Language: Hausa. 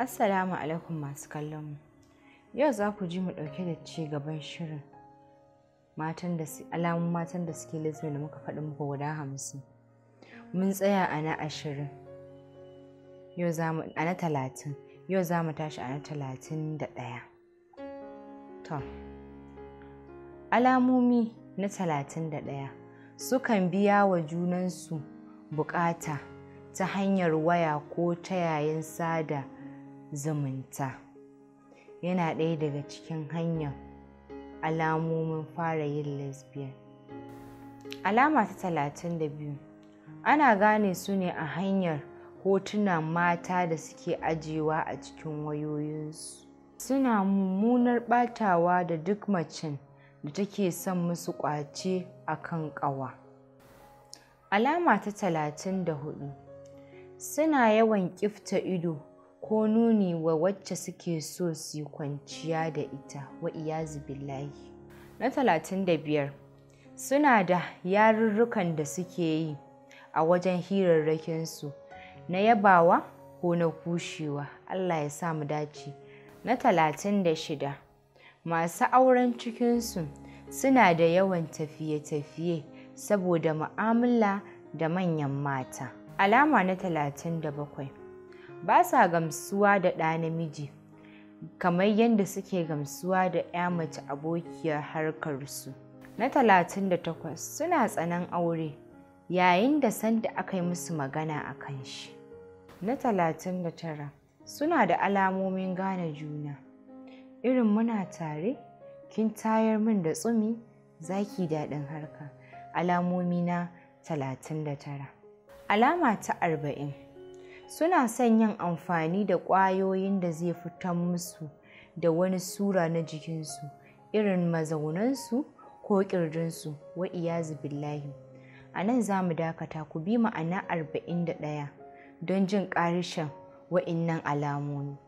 Assalamu alaikum masu kallon mu. Yau za ku ji mu ɗauke da ci gaban shirin matan da alamun matan da suke lesbian da muka faɗi muku guda hamsin. Mun tsaya a na ashirin. Yau za mu a na talatin. Yau za mu tashi a na talatin da ɗaya. To, alamomi na talatin da ɗaya sukan biya wa junansu bukata ta hanyar waya ko ta yayin sada. zumunta yana ɗaya daga cikin hanyar alamomin fara yin lesbian alama ta talatin da biyu ana gane su ne a hanyar hotunan mata da suke ajiyewa a cikin wayoyinsu suna mummunar ɓatawa da duk macin da take son musu ƙwace a kan ƙawa alama ta talatin da hudu suna yawan kifta ido ko nuni wa wacce suke so su yi kwanciya da ita wa iyazu billahi na talatin da biyar suna da yarurrukan da suke yi a wajen hirarrakinsu na yabawa ko na kushewa allah ya sa mu dace na talatin da shida masu auren cikinsu suna da yawan tafiye-tafiye saboda mu'amala da manyan mata alama na talatin da bakwai ba sa gamsuwa da ɗa namiji kamar yadda suke gamsuwa da 'ya mace abokiyar harkarsu na 38 suna tsanan aure yayin da sanda aka yi musu magana a kan shi na 39 suna da alamomin gane juna irin muna tare kin tayar min da tsumi zaki daɗin harka alamomi na 39 alama ta arba'in. suna son yin amfani da ƙwayoyin da zai fitan musu da wani sura na jikinsu irin mazaunansu ko ƙirjinsu wa iyazu billahi a nan za mu dakata ku bi ma'ana arba'in da ɗaya don jin ƙarishen wa'innan alamomi